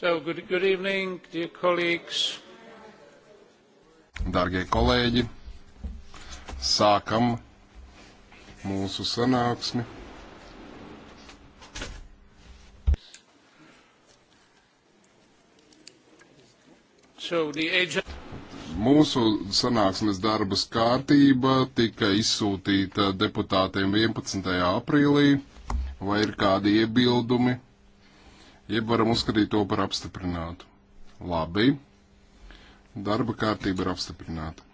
So, good, good evening, dear colleagues. Dārgie kolēģi, sākam mūsu sanāksmi. So the agent mūsu sanāksmes darbas kārtība tika izsūtīta deputātiem 11. aprīlī. Vai ir kādi iebildumi? jeb varam uzskatīt to par apstiprinātu. Labi. Darba kārtība ir apstiprināta.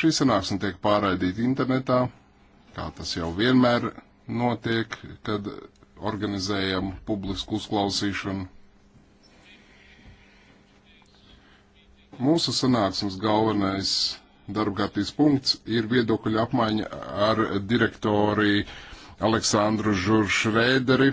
Šī sanāksme tiek pārraidīta internetā, kā tas jau vienmēr notiek, kad organizējam publisku uzklausīšanu. Mūsu sanāksmes galvenais darbkārtības punkts ir viedokļu apmaiņa ar direktoriju Aleksandru Žuršrēderi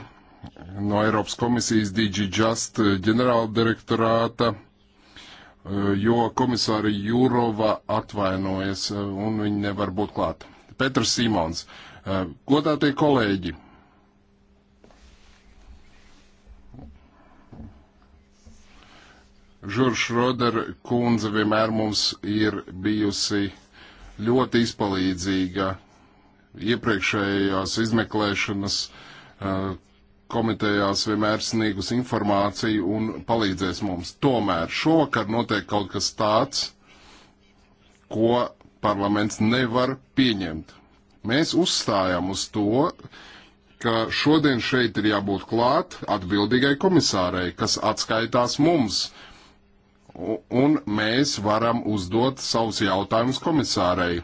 no Eiropas komisijas DigiJust eh, ģenerāldirektorāta, eh, jo komisāri Jurova atvainojas eh, un viņi nevar būt klāt. Petrs Simons, godātie kolēģi! Žurš Roder kundze vienmēr mums ir bijusi ļoti izpalīdzīga iepriekšējās izmeklēšanas uh, komitejās vienmēr sniegus informāciju un palīdzēs mums. Tomēr šovakar notiek kaut kas tāds, ko parlaments nevar pieņemt. Mēs uzstājam uz to, ka šodien šeit ir jābūt klāt atbildīgai komisārei, kas atskaitās mums. Un mēs varam uzdot savus jautājumus komisārei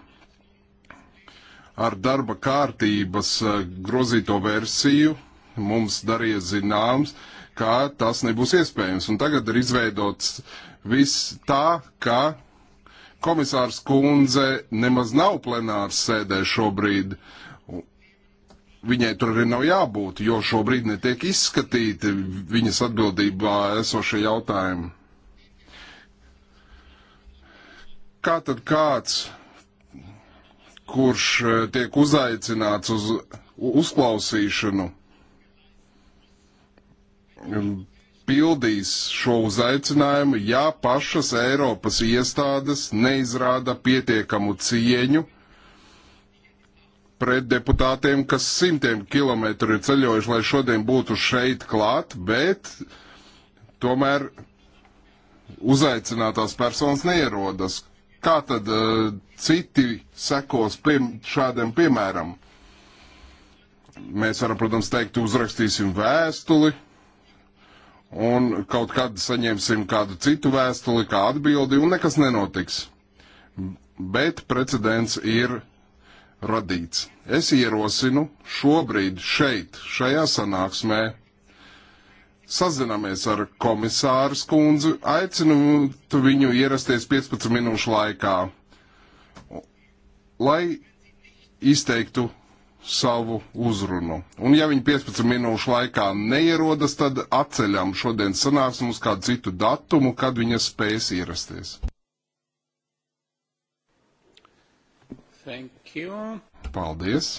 ar darba kārtības eh, grozīto versiju mums darīja zināms, ka tas nebūs iespējams. Un tagad ir izveidots viss tā, ka komisārs kundze nemaz nav plenārs sēdē šobrīd. Viņai tur arī nav jābūt, jo šobrīd netiek izskatīti viņas atbildībā esošie jautājumi. Kā tad kāds kurš eh, tiek uzaicināts uz uzklausīšanu, pildīs šo uzaicinājumu, ja pašas Eiropas iestādes neizrāda pietiekamu cieņu pret deputātiem, kas simtiem kilometru ir ceļojuši, lai šodien būtu šeit klāt, bet tomēr uzaicinātās personas neierodas. Kā tad uh, citi sekos piem šādiem piemēram? Mēs varam, protams, teikt, uzrakstīsim vēstuli un kaut kad saņemsim kādu citu vēstuli, kā atbildi, un nekas nenotiks. Bet precedents ir radīts. Es ierosinu šobrīd šeit, šajā sanāksmē, sazināmies ar komisāru skundzi, aicinu viņu ierasties 15 minūšu laikā, lai izteiktu savu uzrunu. Un ja viņi 15 minūšu laikā neierodas, tad atceļam šodien sanāksim uz kādu citu datumu, kad viņa spēs ierasties. Thank you. Paldies.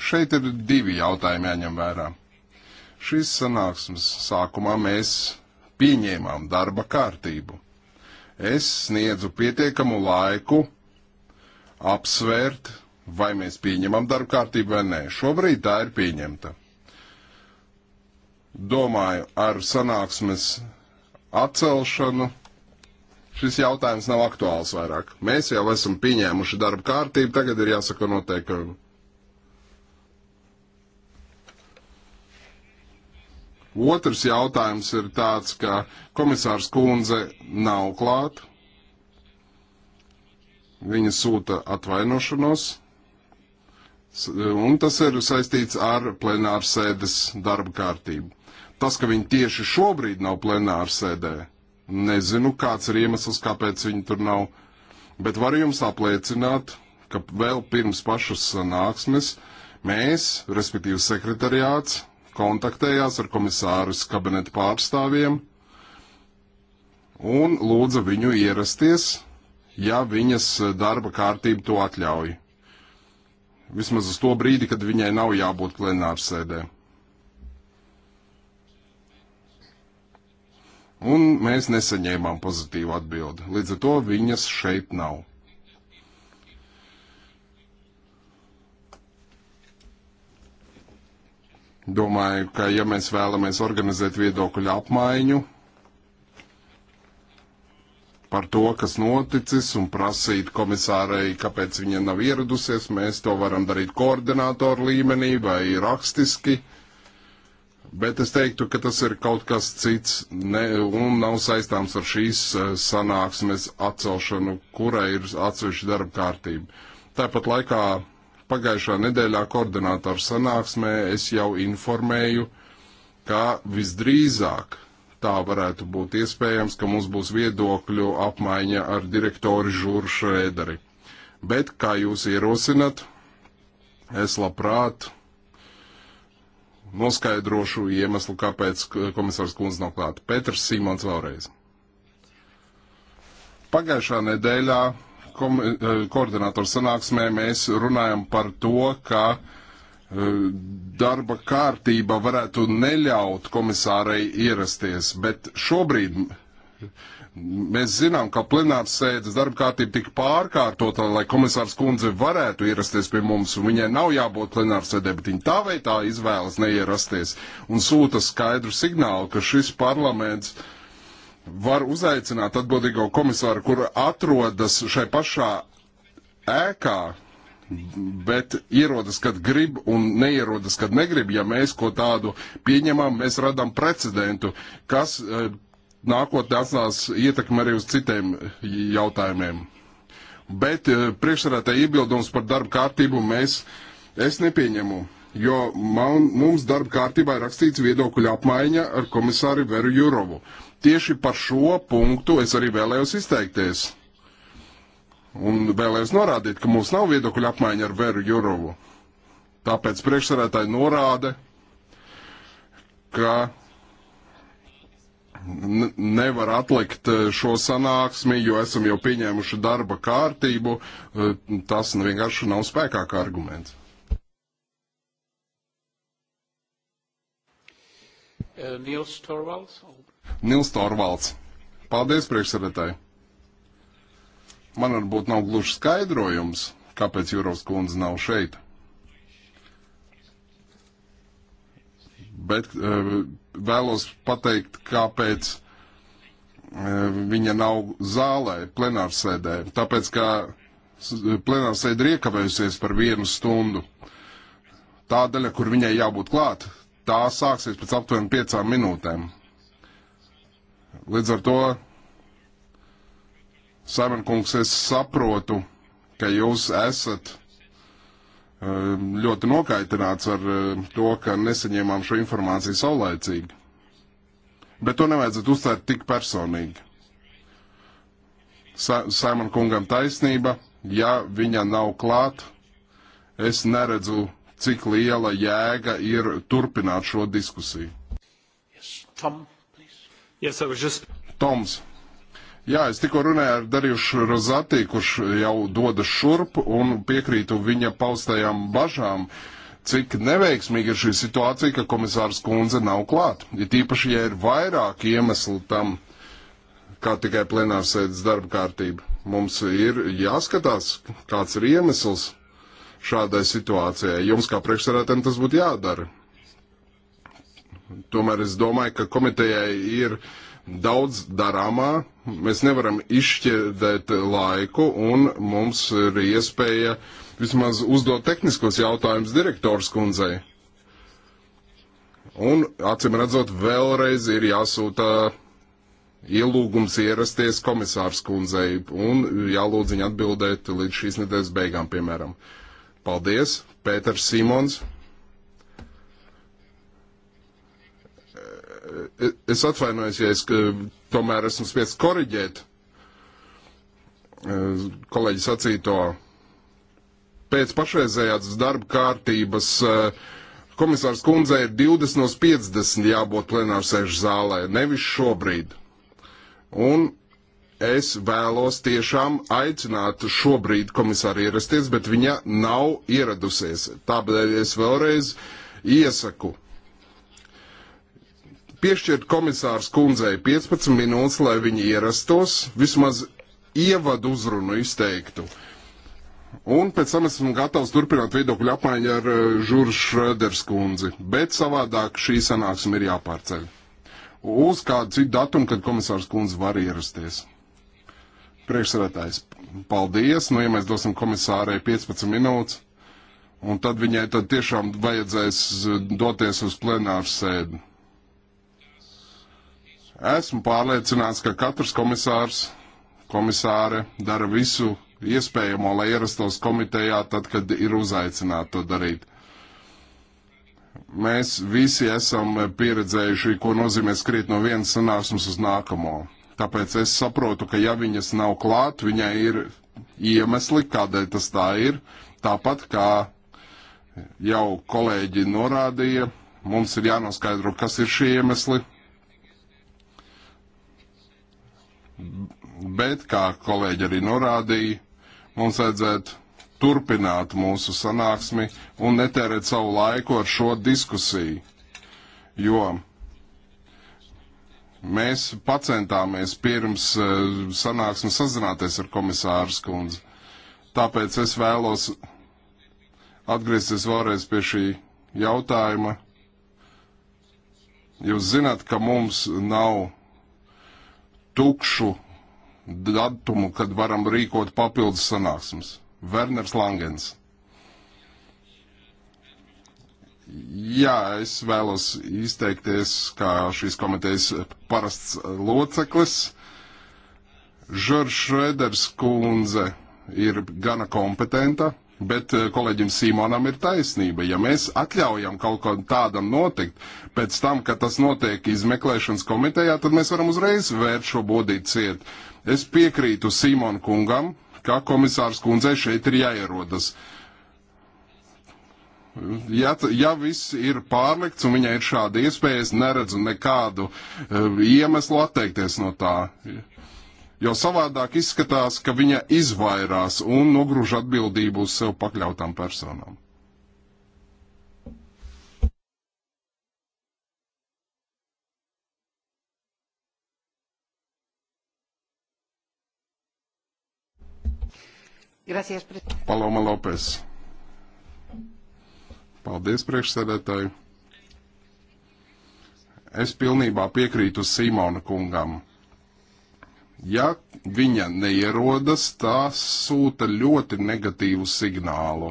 Šeit ir divi jautājumi jāņem vērā. Šīs sanāksmes sākumā mēs pieņēmām darba kārtību. Es sniedzu pietiekamu laiku apsvērt, vai mēs pieņemam darba kārtību vai nē. Šobrīd tā ir pieņemta. Domāju, ar sanāksmes atcelšanu šis jautājums nav aktuāls vairāk. Mēs jau esam pieņēmuši darba kārtību, tagad ir jāsaka noteikumi. Otrs jautājums ir tāds, ka komisārs Kunze nav klāt. Viņa sūta atvainošanos. Un tas ir saistīts ar plenāru sēdes darba kārtību. Tas, ka viņi tieši šobrīd nav plenāru sēdē, nezinu, kāds ir iemesls, kāpēc viņi tur nav. Bet varu jums apliecināt, ka vēl pirms pašas sanāksmes mēs, respektīvi sekretariāts, kontaktējās ar komisāras kabineta pārstāvjiem un lūdza viņu ierasties, ja viņas darba kārtība to atļauj. Vismaz uz to brīdi, kad viņai nav jābūt plenārsēdē. Un mēs nesaņēmām pozitīvu atbildi. Līdz ar to viņas šeit nav. Domāju, ka ja mēs vēlamies organizēt viedokļu apmaiņu par to, kas noticis, un prasīt komisārei, kāpēc viņa nav ieradusies, mēs to varam darīt koordinātoru līmenī vai rakstiski. Bet es teiktu, ka tas ir kaut kas cits ne, un nav saistāms ar šīs eh, sanāksmes atcelšanu, kurai ir atsevišķa darba kārtība. Tāpat laikā Pagājušā nedēļā koordinātoru sanāksmē es jau informēju, ka visdrīzāk tā varētu būt iespējams, ka mums būs viedokļu apmaiņa ar direktori Žuru Šrēderi. Bet, kā jūs ierosinat, es labprāt noskaidrošu iemeslu, kāpēc komisārs Kunz nav klāt. Petrs Simons vēlreiz. Pagājušā nedēļā kom, eh, koordinātoru sanāksmē mēs runājam par to, ka eh, darba kārtība varētu neļaut komisārei ierasties, bet šobrīd mēs zinām, ka plenārs sēdes darba kārtība tika pārkārtota, lai komisārs kundze varētu ierasties pie mums, un viņai nav jābūt plenārs sēdē, bet viņa tā vai tā izvēlas neierasties un sūta skaidru signālu, ka šis parlaments uh, var uzaicināt atbildīgo komisāru, kur atrodas šai pašā ēkā, bet ierodas, kad grib un neierodas, kad negrib. Ja mēs ko tādu pieņemam, mēs radām precedentu, kas e, nākotnē atstās ietekmi arī uz citiem jautājumiem. Bet e, priekšsarētāji iebildums par darba kārtību mēs, es nepieņemu, jo man, mums darba kārtībā ir rakstīts viedokļu apmaiņa ar komisāru Veru Jurovu. Tieši par šo punktu es arī vēlējos izteikties. Un vēlējos norādīt, ka mums nav viedokļa apmaiņa ar Veru Jurovu. Tāpēc priekšsarētāji norāda, ka nevar atlikt eh, šo sanāksmi, jo esam jau pieņēmuši darba kārtību. Eh, tas vienkārši nav spēkā kā arguments. Uh, Nils Torvalds. Nils Torvalds. Paldies, priekšsēdētāji. Man varbūt nav gluži skaidrojums, kāpēc Jūros kundze nav šeit. Bet e, vēlos pateikt, kāpēc e, viņa nav zālē, plenārsēdē. Tāpēc, ka plenārsēde ir iekavējusies par vienu stundu. Tā daļa, kur viņai jābūt klāt, tā sāksies pēc aptuveni piecām minūtēm. Līdz ar to, Samankungs, es saprotu, ka jūs esat um, ļoti nokaitināts ar um, to, ka nesaņēmām šo informāciju saulēcīgi. Bet to nevajadzētu uztvērt tik personīgi. Sa Saimon kungam taisnība, ja viņa nav klāt, es neredzu, cik liela jēga ir turpināt šo diskusiju. Yes, Tom. Yes, I was just... Toms. Jā, es tikko runāju ar Darījušu Rozatī, kurš jau dodas šurp un piekrītu viņa paustajām bažām, cik neveiksmīga ir šī situācija, ka komisārs kundze nav klāt. Ja tīpaši, ja ir vairāk iemeslu tam, kā tikai plenārsēdes darba kārtība. Mums ir jāskatās, kāds ir iemesls šādai situācijai. Jums kā priekšsarētēm tas būtu jādara. Tomēr es domāju, ka komitejai ir daudz darāmā. Mēs nevaram izšķirdēt laiku, un mums ir iespēja vismaz uzdot tehniskos jautājumus direktors kundzei. Un, acīm redzot, vēlreiz ir jāsūta ielūgums ierasties komisārs kundzei un jālūdz viņa atbildēt līdz šīs nedēļas beigām, piemēram. Paldies, Pēters Simons. E, es atvainojos, ja es tomēr esmu spiests koriģēt e, kolēģi sacīto. Pēc pašreizējās darba kārtības e, komisārs kundze ir 20 no 50 jābūt plenārsēžu zālē, nevis šobrīd. Un es vēlos tiešām aicināt šobrīd komisāru ierasties, bet viņa nav ieradusies. Tāpēc es vēlreiz iesaku Piešķirt komisārs kundzei 15 minūtes, lai viņi ierastos, vismaz ievadu uzrunu izteiktu. Un pēc tam esmu gatavs turpināt viedokļu apmaiņu ar eh, Žuru Šröders kundzi, bet savādāk šī sanāksme ir jāpārceļ. Uz kādu citu datumu, kad komisārs kundze var ierasties. Priekšsēdētājs, paldies, nu ja mēs dosim komisārai 15 minūtes. Un tad viņai tad tiešām vajadzēs eh, doties uz plenāru sēdi. Esmu pārliecināts, ka katrs komisārs, komisāre dara visu iespējamo, lai ierastos komitejā tad, kad ir uzaicināti to darīt. Mēs visi esam pieredzējuši, ko nozīmē skriet no vienas sanāksmes uz nākamo. Tāpēc es saprotu, ka ja viņas nav klāt, viņai ir iemesli, kādēļ tas tā ir. Tāpat kā jau kolēģi norādīja, mums ir jānoskaidro, kas ir šie iemesli, Bet, kā kolēģi arī norādīja, mums vajadzētu turpināt mūsu sanāksmi un netērēt savu laiku ar šo diskusiju. Jo mēs pacentāmies pirms e, sanāksmes sazināties ar komisāru skundzi. Tāpēc es vēlos atgriezties vēlreiz pie šī jautājuma. Jūs zināt, ka mums nav tukšu datumu, kad varam rīkot papildus sanāksmes. Werners Langens. Jā, es vēlos izteikties kā šīs komitejas parasts loceklis. Žoržs Šreders kundze ir gana kompetenta Bet eh, kolēģim Simonam ir taisnība. Ja mēs atļaujam kaut ko tādam notikt, pēc tam, kad tas notiek izmeklēšanas komitejā, tad mēs varam uzreiz vērt šo bodīt ciet. Es piekrītu Simon kungam, ka komisārs kundzei šeit ir jāierodas. Ja, ja viss ir pārlikts un viņai ir šāda iespēja, es neredzu nekādu uh, iemeslu atteikties no tā jo savādāk izskatās, ka viņa izvairās un nogruž atbildību uz sev pakļautām personām. Gracias, Paloma Lopes. Paldies, priekšsēdētāji. Es pilnībā piekrītu Simona kungam Ja viņa neierodas, tas sūta ļoti negatīvu signālu.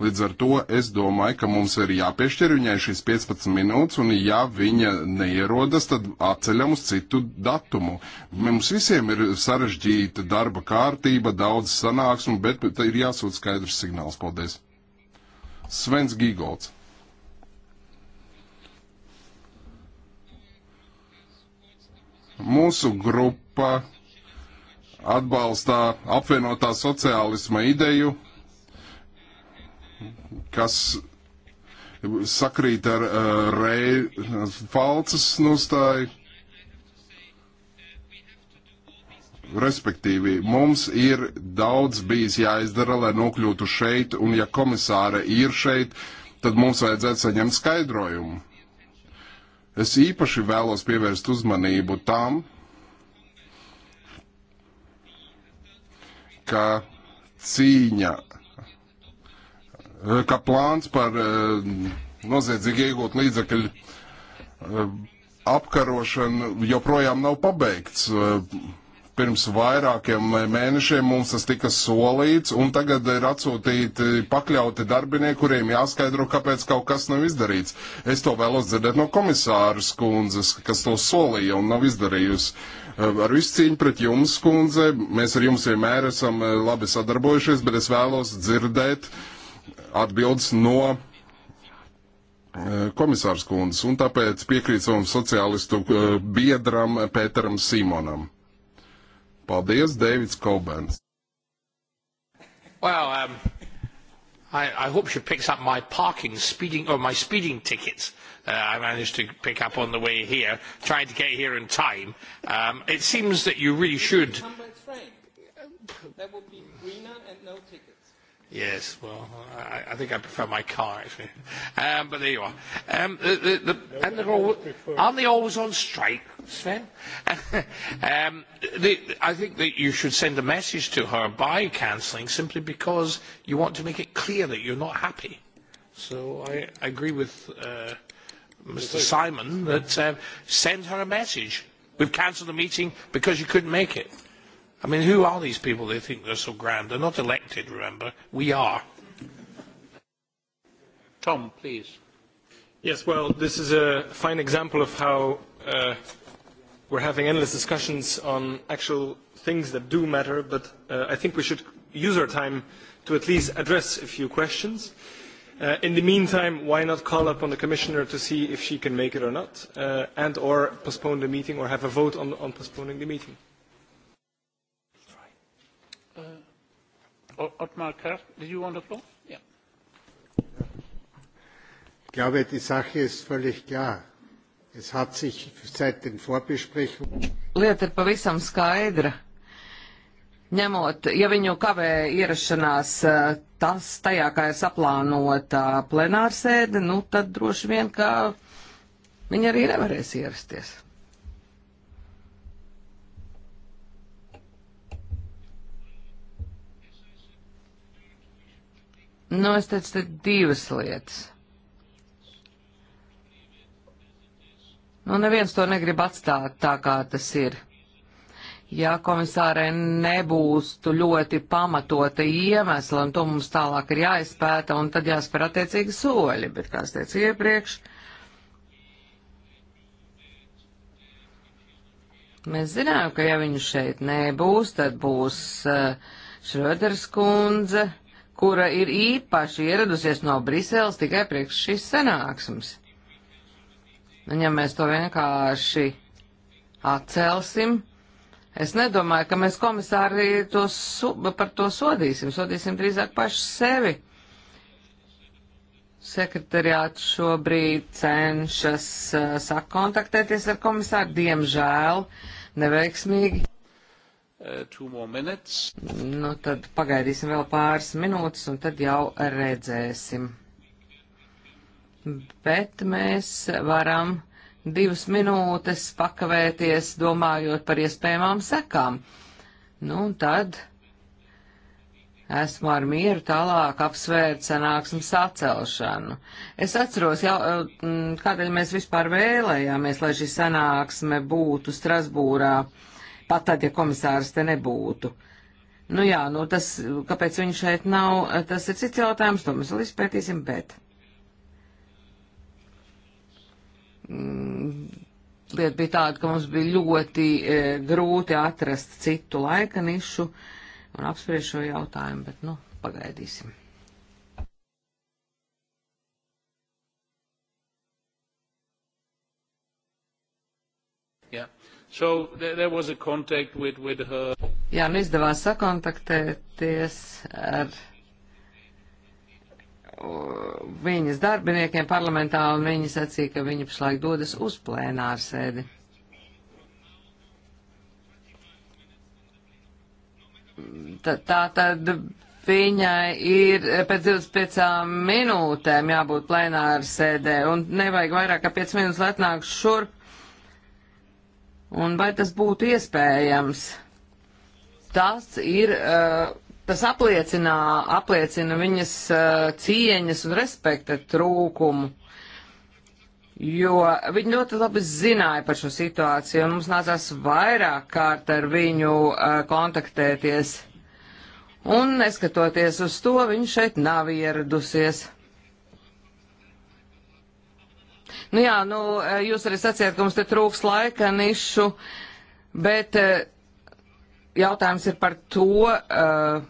Līdz ar to es domāju, ka mums ir jāpiešķir viņai šīs 15 minūtes, un ja viņa neierodas, tad atceļam uz citu datumu. Mums visiem ir sarežģīta darba kārtība, daudz sanāksmu, bet ir jāsūt skaidrs signāls. Paldies! Svens Gīgolds. Mūsu grupa grupa atbalstā apvienotā sociālisma ideju, kas sakrīt ar uh, Rei Falcas nostāju. Respektīvi, mums ir daudz bijis jāizdara, lai nokļūtu šeit, un ja komisāra ir šeit, tad mums vajadzētu saņemt skaidrojumu. Es īpaši vēlos pievērst uzmanību tam, ka cīņa, eh, ka plāns par eh, noziedzīgi iegūt līdzekļu eh, apkarošanu joprojām nav pabeigts pirms vairākiem mēnešiem mums tas tika solīts, un tagad ir atsūtīti pakļauti darbinieki, kuriem jāskaidro, kāpēc kaut kas nav izdarīts. Es to vēlos dzirdēt no komisāras kundzes, kas to solīja un nav izdarījusi. Ar visu cīņu pret jums, kundze, mēs ar jums vienmēr esam labi sadarbojušies, bet es vēlos dzirdēt atbildes no komisārs kundzes, un tāpēc piekrīt savam sociālistu biedram Pēteram Simonam. Paldies, Deivids Kobens. Well, um, I, I hope she picks up my parking speeding or my speeding tickets. Uh, I managed to pick up on the way here, trying to get here in time. Um, it seems that you really should. Come by train. That would be greener and no tickets. Yes, well, I, I think I prefer my car actually. Um, but there you are. Um, the, the, the, no, and they're all, aren't they always on strike, Sven? um, the, I think that you should send a message to her by cancelling, simply because you want to make it clear that you're not happy. So I, I agree with uh, Mr. Simon that uh, send her a message. We've cancelled the meeting because you couldn't make it. I mean, who are these people they think they're so grand? They're not elected, remember. We are. Tom, please. Yes, well, this is a fine example of how uh, we're having endless discussions on actual things that do matter, but uh, I think we should use our time to at least address a few questions. Uh, in the meantime, why not call up on the Commissioner to see if she can make it or not, uh, and or postpone the meeting or have a vote on, on postponing the meeting? Ottmar Kurt, did you want the floor? Yeah. Ich glaube, die Sache ist völlig klar. Es hat sich seit den Vorbesprechungen. Lieta ir pavisam skaidra. Ņemot, ja viņu kavē ierašanās eh, tas tajā, kā ir saplānota plenārsēde, nu tad droši vien, ka viņi arī nevarēs ierasties. Nu, es teicu, te divas lietas. Nu, neviens to negrib atstāt tā, kā tas ir. Ja komisārē nebūs ļoti pamatota iemesla, un to mums tālāk ir jāizpēta, un tad jāspēr attiecīgi soļi, bet, kā es teicu iepriekš, mēs zinām, ka ja viņu šeit nebūs, tad būs uh, eh, Šröders kundze, uh, kura ir īpaši ieradusies no Briseles tikai priekš šīs sanāksmes. Un ja mēs to vienkārši atcelsim, es nedomāju, ka mēs komisāri to par to sodīsim, sodīsim drīzāk paši sevi. Sekretariāts šobrīd cenšas uh, sakontaktēties ar komisāru, diemžēl neveiksmīgi. Uh, nu, tad pagaidīsim vēl pāris minūtes, un tad jau redzēsim. Bet mēs varam divas minūtes pakavēties, domājot par iespējamām sekām. Nu, un tad esmu ar mieru tālāk apsvērt sanāksmes atcelšanu. Es atceros, jau, uh, kādēļ mēs vispār vēlējāmies, lai šī sanāksme būtu Strasbūrā pat tad, ja komisārs te nebūtu. Nu jā, nu tas, kāpēc viņš šeit nav, tas ir cits jautājums, to mēs vēl izpētīsim, bet. Mm, lieta bija tāda, ka mums bija ļoti e, grūti atrast citu laika nišu un apspriest šo jautājumu, bet, nu, pagaidīsim. So there was a contact with, with her. Jā, nu izdevās sakontaktēties ar viņas darbiniekiem parlamentā, un viņi sacīja, ka viņi pašlaik dodas uz plēnāru sēdi. Tā, tā tad viņai ir pēc 25 minūtēm jābūt plēnāru sēdē, un nevajag vairāk kā 5 minūtes, lai atnāk šurp Un vai tas būtu iespējams? Tas ir, eh, tas apliecinā, apliecina viņas eh, cieņas un respekta trūkumu, jo viņi ļoti labi zināja par šo situāciju, un mums nācās vairāk kārt ar viņu eh, kontaktēties. Un neskatoties uz to, viņa šeit nav ieradusies. Nu jā, nu, eh, jūs arī sacījāt, ka mums te trūks laika nišu, bet eh, jautājums ir par to, eh,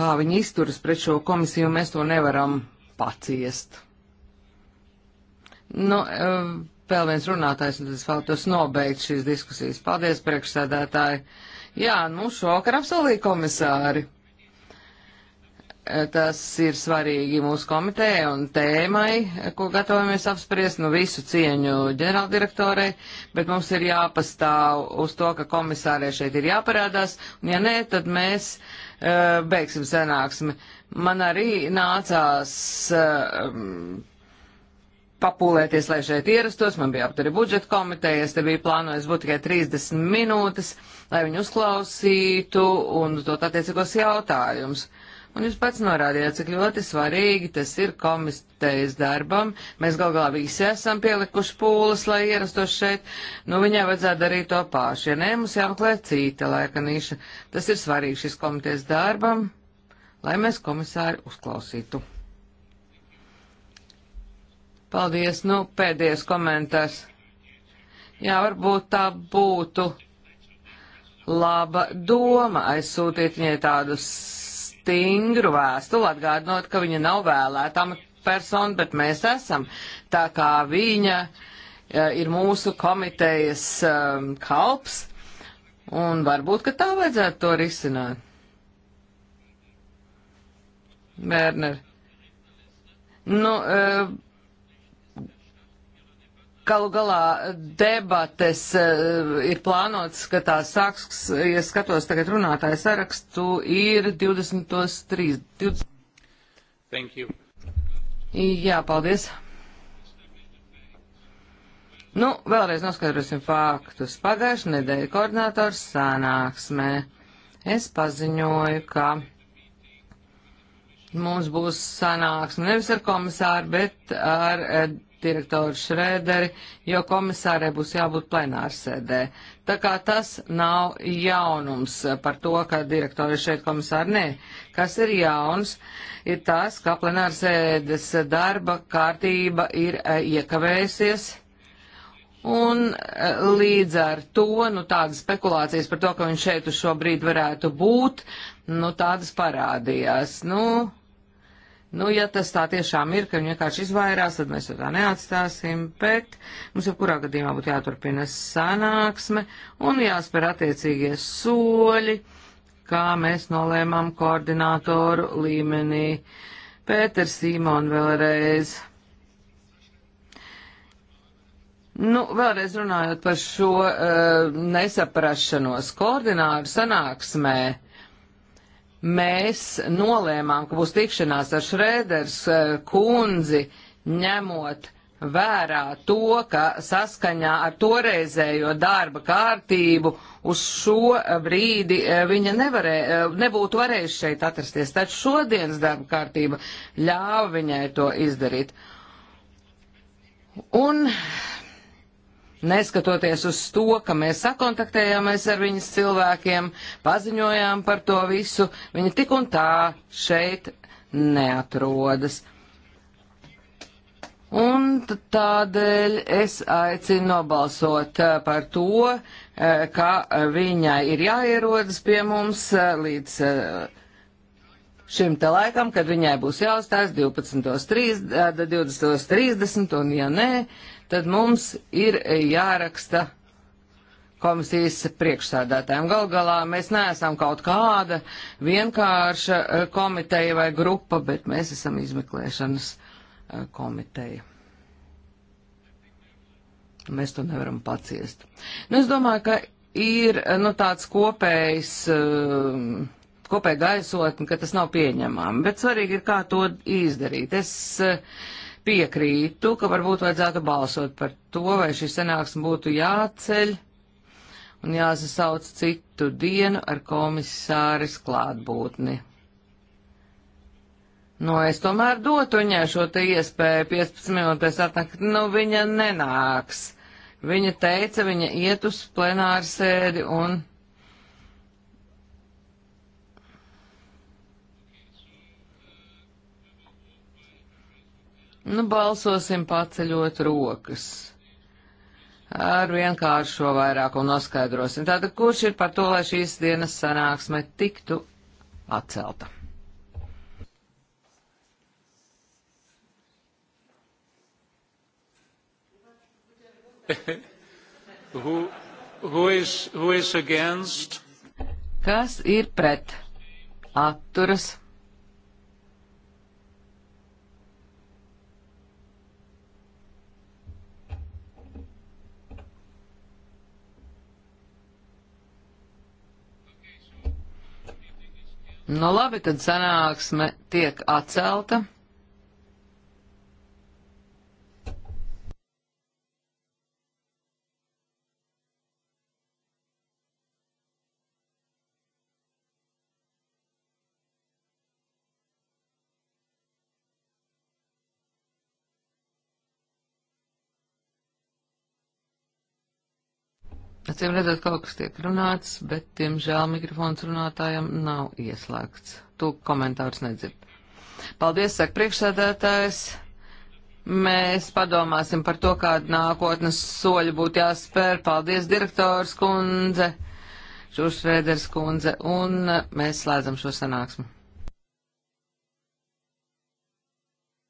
kā viņi izturas pret šo komisiju, mēs to nevaram paciest. Nu, vēl viens runātājs, un es vēlētos nobeigt šīs diskusijas. Paldies, priekšsēdētāji. Jā, nu šovakar apsolīja komisāri. Tas ir svarīgi mūsu komitejai un tēmai, ko gatavojamies apspriest, nu visu cieņu ģenerāldirektorei, bet mums ir jāpastāv uz to, ka komisārē šeit ir jāparādās, un ja nē, tad mēs uh, beigsim sanāksmi. Man arī nācās uh, papūlēties, lai šeit ierastos, man bija apturi budžeta komiteja, es te biju plānojis būt tikai 30 minūtes, lai viņu uzklausītu un to attiecīgos jautājumus. Un jūs pats norādījāt, cik ļoti svarīgi tas ir komitejas darbam. Mēs gal galā visi esam pielikuši pūles, lai ierastos šeit. Nu, viņai vajadzētu darīt to pašu. Ja nē, mums jāmeklē cita laika niša. Tas ir svarīgi šis komitejas darbam, lai mēs komisāri uzklausītu. Paldies, nu, pēdējais komentārs. Jā, varbūt tā būtu laba doma aizsūtīt viņai tādus stingru vēstuli, atgādinot, ka viņa nav vēlētama persona, bet mēs esam. Tā kā viņa e, ir mūsu komitejas um, kalps, un varbūt, ka tā vajadzētu to risināt. Werner. Nu, uh, Galu galā debates eh, ir plānotas, ka tās sāks, ja skatos tagad runātāju sarakstu, ir 20.3. 20. Thank you. Jā, paldies. Nu, vēlreiz noskaidrosim faktus. Pagājušā nedēļa koordinātors sanāksmē. Es paziņoju, ka mums būs sanāksme nevis ar komisāru, bet ar eh, direktoru Šrēderi, jo komisārai būs jābūt plenārsēdē. Tā kā tas nav jaunums par to, ka direktori šeit komisāri nē. Kas ir jauns, ir tas, ka plenārsēdes darba kārtība ir e, iekavējusies. Un e, līdz ar to, nu tādas spekulācijas par to, ka viņš šeit uz šo brīdi varētu būt, nu tādas parādījās. Nu, Nu, ja tas tā tiešām ir, ka viņi vienkārši izvairās, tad mēs to tā neatstāsim, bet mums jau kurā gadījumā būtu jāturpina sanāksme un jāspēr attiecīgie soļi, kā mēs nolēmām koordinātoru līmenī. Pēters Simon vēlreiz. Nu, vēlreiz runājot par šo uh, nesaprašanos koordināru sanāksmē. Uh, mēs nolēmām, ka būs tikšanās ar Šrēders eh, kundzi, ņemot vērā to, ka saskaņā ar toreizējo darba kārtību uz šo brīdi eh, viņa nevarē, eh, nebūtu varējusi šeit atrasties, taču šodienas darba kārtība ļāva viņai to izdarīt. Un Neskatoties uz to, ka mēs sakontaktējāmies ar viņas cilvēkiem, paziņojām par to visu, viņa tik un tā šeit neatrodas. Un tādēļ es aicinu nobalsot eh, par to, eh, ka viņai ir jāierodas pie mums eh, līdz šim te laikam, kad viņai būs jāuzstājas 12.30 un, ja nē, tad mums ir jāraksta komisijas priekšsādātājiem. Gal galā mēs neesam kaut kāda vienkārša eh, komiteja vai grupa, bet mēs esam izmeklēšanas eh, komiteja. Mēs to nevaram paciest. Nu, es domāju, ka ir eh, nu, tāds kopējs, kopēja gaisotne, ka tas nav pieņemami, bet svarīgi ir, kā to izdarīt. Es piekrītu, ka varbūt vajadzētu balsot par to, vai šī sanāksme būtu jāceļ un jāsasauc citu dienu ar komisāris klātbūtni. Nu, es tomēr dotu viņai šo te iespēju 15 minūtēs atnākt, nu, viņa nenāks. Viņa teica, viņa iet uz plenāru sēdi un Nu, balsosim paceļot rokas. Ar vienkāršo vairākumu noskaidrosim. Tātad, kurš ir par to, lai šīs dienas sanāksme tiktu atcelta? who, who is, who is against? Kas ir pret? Atturas. Nu labi, tad sanāksme tiek atcelta. Acīm redzot, kaut kas tiek runāts, bet, diemžēl, mikrofons runātājam nav ieslēgts. Tu komentārus nedzird. Paldies, saka priekšsēdētājs. Mēs padomāsim par to, kāda nākotnes soļa būtu jāspēr. Paldies, direktors kundze, Šušrēders kundze, un mēs slēdzam šo sanāksmu.